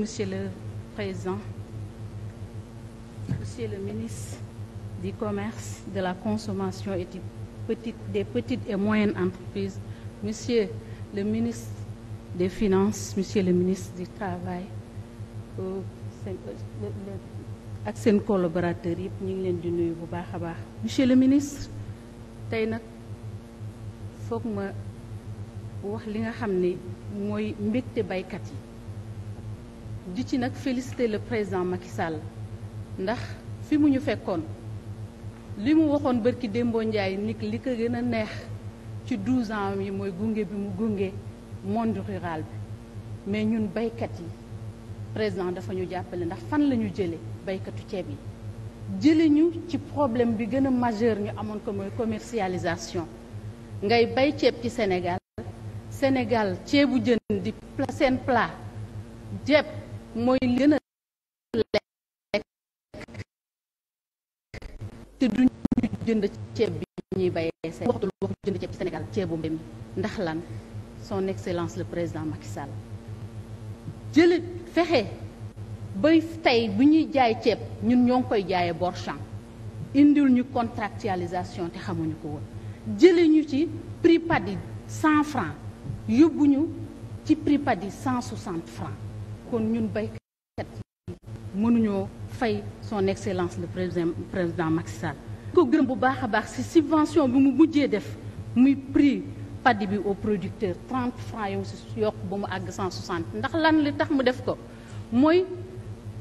Monsieur le Président, Monsieur le ministre du Commerce, de la Consommation et des petites et moyennes entreprise Monsieur le ministre des Finances, Monsieur le ministre du Travail, euh, ak seen collaborateur yëpp ñu ngi leen di nuyu bu baax a baax monsieur le ministre tey nag foog ma wax li nga xam ni mooy mbégte baykat yi ji ci nag féliciter le président Macky Sall ndax fi mu ñu fekkoon li mu waxoon bërki démboo Ndiaye nit li ko gën a neex ci 12 ans yi mooy gunge bi mu gunge monde rural bi mais ñun baykat yi président dafa ñu jàppale ndax fan la ñu jële baykatu ceeb yi jële ñu ci problème bi gën a majeur ñu amoon ko mooy commercialisation ngay bay ceeb ci Sénégal Sénégal ceebu jën di seen plat ceeb mooy li gën a lekk te du ñu jënd ceeb bi ñuy bayee seen waxtu wax jënd ceeb ci Sénégal ceebu mbay mi ndax lan son excellence le président Macky Sall jële fexe bay tey bu ñuy jaay ceeb ñun ñoo koy jaaye bor champ indil ñu contractualisation te xamuñu ko woon jële ñu ci prix padi cent francs yóbbu ñu ci prix padi cent soixante francs kon ñun béykat mënuñoo fay son excellence le président président Macky Sall ko gërëm bu baax a baax ci subvention bi mu mujjee def muy prix padi bi au producteur 30 francs yow si yokk ba mu àgg 160 ndax lan li tax mu def ko mooy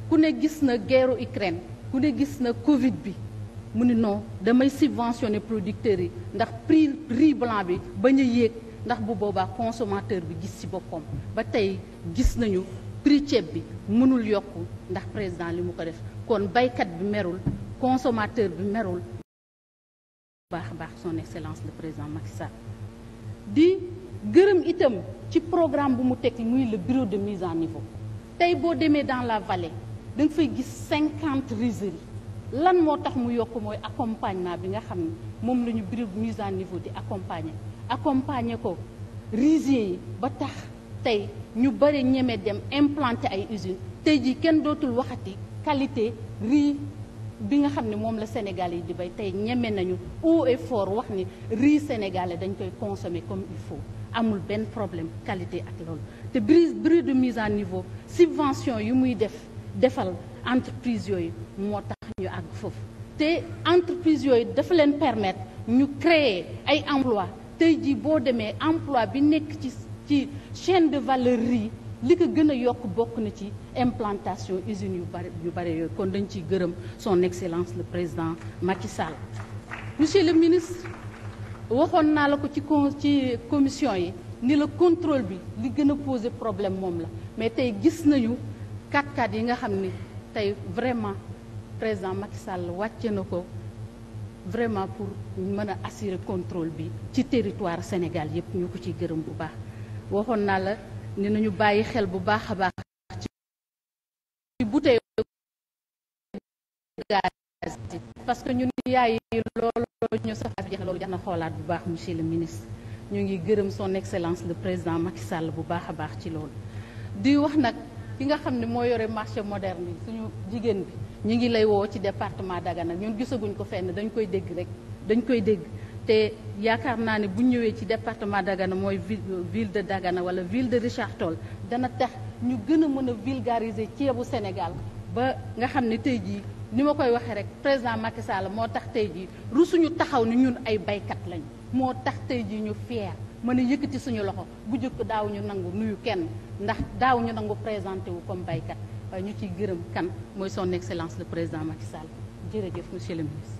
ku ne gis na guerre Ukraine ku ne gis na Covid bi mu ni non damay subventionner producteurs yi ndax prix riz blanc bi bañ a yéeg ndax bu boobaa consomateur bi gis ci boppam ba tey gis nañu prix ceeb bi mënul yokku ndax président li mu ko def kon baykat bi merul consommateur bi merul baax baax son excellence le président Macky Sall di gërëm itam ci programme bu mu teg muy le bureau de mise à niveau tey boo demee dans la vallée da fay gis cinquante rizeries lan moo tax mu yokk mooy accompagnement bi nga xam ne moom la ñu bureau de mise à niveau di accompagner accompagner ko riziers yi ba tax tey ñu bëri ñeme dem implanté ay usines tey jii kenn dootul waxati qualité riz bi nga xam ne moom la Sénégal yi di bay tey ñeme nañu haut et wax ni riz sénégalais dañ koy consommer comme il faut amul benn problème qualité ak loolu te brise brise de mise à niveau subvention yu muy def defal entreprise yooyu moo tax ñu àgg foofu te entreprise yooyu dafa leen permettre ñu créer ay emploi tey jii boo demee emploi bi nekk ci ci chaîne de valeur riz li ko gën a yokk bokk na ci implantation usines yu bari yu bari yooyu kon dañ ciy gërëm son excellence le président Macky Sall. monsieur le ministre waxoon naa la ko ci con ci commission yi ni la contrôle bi li gën a poser problème moom la mais tey gis nañu 4 kaat yi nga xam ni tey vraiment président Macky Sall wàcce na ko vraiment pour mën a assurer contrôle bi ci territoire Sénégal yëpp ñu ko ciy gërëm bu baax. waxoon naa la ne nañu bàyyi xel bu baax a baax ci bouteille gaz yi parce que ñun yaay yi loolu ñu safar jeex loolu jax na xoolaat bu baax monsieur ministre ñu ngi gërëm son excellence le président Macky sàll bu baax a baax ci loolu di wax nag ki nga xam ne moo yore marché moderne yi suñu jigéen bi ñu ngi lay woo ci département Dagana ñun gisaguñ ko fenn dañ koy dégg rek dañ koy dégg te yaakaar naa ne bu ñëwee ci département Dagana mooy ville de Dagana wala ville de Richard tool dana tax ñu gën a mën a vulgariser ceebu Sénégal ba nga xam ne tey jii ni ma koy waxee rek président Macky Sall moo tax tey jii suñu taxaw ni ñun ay baykat lañ moo tax tey jii ñu fier mën a yëkkati suñu loxo bu njëkk daawuñu nangu nuyu kenn ndax daaw ñu nangu présenté wu comme baykat ñu ciy gërëm kan mooy son excellence le président Macky Sall jërëjëf monsieur le